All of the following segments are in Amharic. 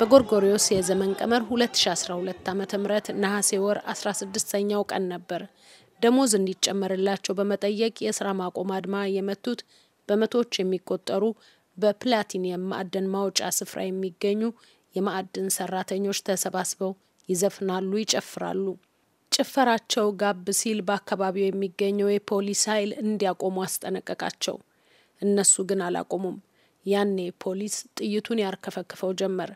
በጎርጎሪዮስ የዘመን ቀመር 2012 ዓ ም ነሐሴ ወር 16ኛው ቀን ነበር ደሞዝ እንዲጨመርላቸው በመጠየቅ የስራ ማቆም አድማ የመቱት በመቶዎች የሚቆጠሩ በፕላቲኒየም ማዕድን ማውጫ ስፍራ የሚገኙ የማዕድን ሰራተኞች ተሰባስበው ይዘፍናሉ፣ ይጨፍራሉ። ጭፈራቸው ጋብ ሲል በአካባቢው የሚገኘው የፖሊስ ኃይል እንዲያቆሙ አስጠነቀቃቸው። እነሱ ግን አላቆሙም። ያኔ ፖሊስ ጥይቱን ያርከፈክፈው ጀመር።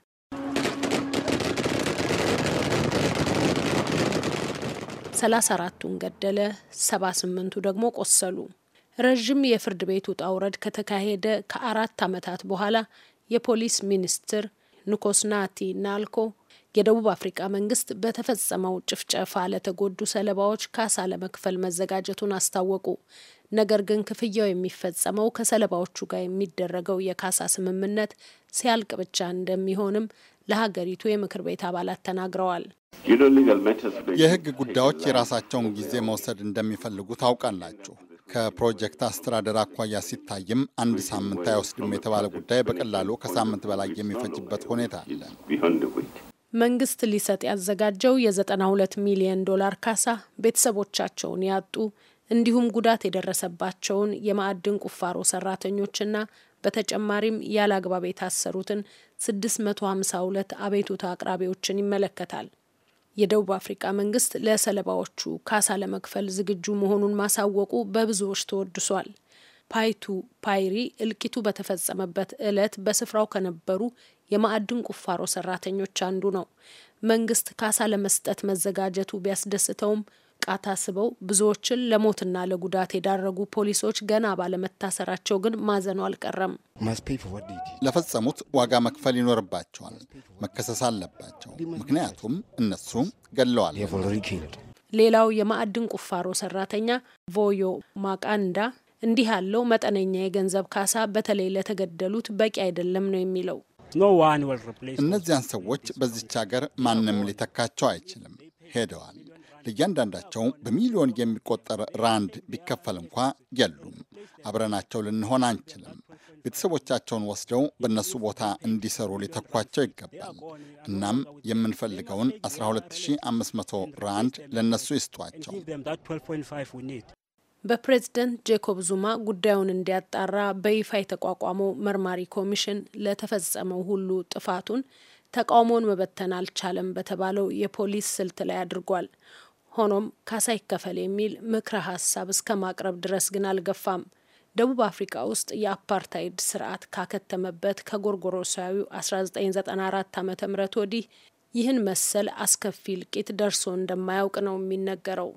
34ቱን ገደለ፣ 78ቱ ደግሞ ቆሰሉ። ረዥም የፍርድ ቤቱ ጣውረድ ከተካሄደ ከአራት አመታት በኋላ የፖሊስ ሚኒስትር ኑኮስናቲ ናልኮ የደቡብ አፍሪቃ መንግስት በተፈጸመው ጭፍጨፋ ለተጎዱ ሰለባዎች ካሳ ለመክፈል መዘጋጀቱን አስታወቁ። ነገር ግን ክፍያው የሚፈጸመው ከሰለባዎቹ ጋር የሚደረገው የካሳ ስምምነት ሲያልቅ ብቻ እንደሚሆንም ለሀገሪቱ የምክር ቤት አባላት ተናግረዋል። የህግ ጉዳዮች የራሳቸውን ጊዜ መውሰድ እንደሚፈልጉ ታውቃላችሁ። ከፕሮጀክት አስተዳደር አኳያ ሲታይም አንድ ሳምንት አይወስድም የተባለ ጉዳይ በቀላሉ ከሳምንት በላይ የሚፈጅበት ሁኔታ አለ። መንግስት ሊሰጥ ያዘጋጀው የ92 ሚሊዮን ዶላር ካሳ ቤተሰቦቻቸውን ያጡ እንዲሁም ጉዳት የደረሰባቸውን የማዕድን ቁፋሮ ሰራተኞችና በተጨማሪም ያለ አግባብ የታሰሩትን 652 አቤቱታ አቅራቢዎችን ይመለከታል። የደቡብ አፍሪካ መንግስት ለሰለባዎቹ ካሳ ለመክፈል ዝግጁ መሆኑን ማሳወቁ በብዙዎች ተወድሷል። ፓይቱ ፓይሪ እልቂቱ በተፈጸመበት ዕለት በስፍራው ከነበሩ የማዕድን ቁፋሮ ሰራተኞች አንዱ ነው። መንግስት ካሳ ለመስጠት መዘጋጀቱ ቢያስደስተውም ጥቃት አስበው ብዙዎችን ለሞትና ለጉዳት የዳረጉ ፖሊሶች ገና ባለመታሰራቸው ግን ማዘኑ አልቀረም። ለፈጸሙት ዋጋ መክፈል ይኖርባቸዋል፣ መከሰስ አለባቸው። ምክንያቱም እነሱ ገለዋል። ሌላው የማዕድን ቁፋሮ ሰራተኛ ቮዮ ማቃንዳ እንዲህ ያለው መጠነኛ የገንዘብ ካሳ በተለይ ለተገደሉት በቂ አይደለም ነው የሚለው። እነዚያን ሰዎች በዚች ሀገር ማንም ሊተካቸው አይችልም። ሄደዋል። ለእያንዳንዳቸው በሚሊዮን የሚቆጠር ራንድ ቢከፈል እንኳ የሉም። አብረናቸው ልንሆን አንችልም። ቤተሰቦቻቸውን ወስደው በእነሱ ቦታ እንዲሰሩ ሊተኳቸው ይገባል። እናም የምንፈልገውን 12500 ራንድ ለእነሱ ይስጧቸው። በፕሬዝደንት ጄኮብ ዙማ ጉዳዩን እንዲያጣራ በይፋ የተቋቋመው መርማሪ ኮሚሽን ለተፈጸመው ሁሉ ጥፋቱን ተቃውሞውን መበተን አልቻለም በተባለው የፖሊስ ስልት ላይ አድርጓል። ሆኖም ካሳ ይከፈል የሚል ምክረ ሀሳብ እስከ ማቅረብ ድረስ ግን አልገፋም። ደቡብ አፍሪካ ውስጥ የአፓርታይድ ስርዓት ካከተመበት ከጎርጎሮሳዊው 1994 ዓ ም ወዲህ ይህን መሰል አስከፊ እልቂት ደርሶ እንደማያውቅ ነው የሚነገረው።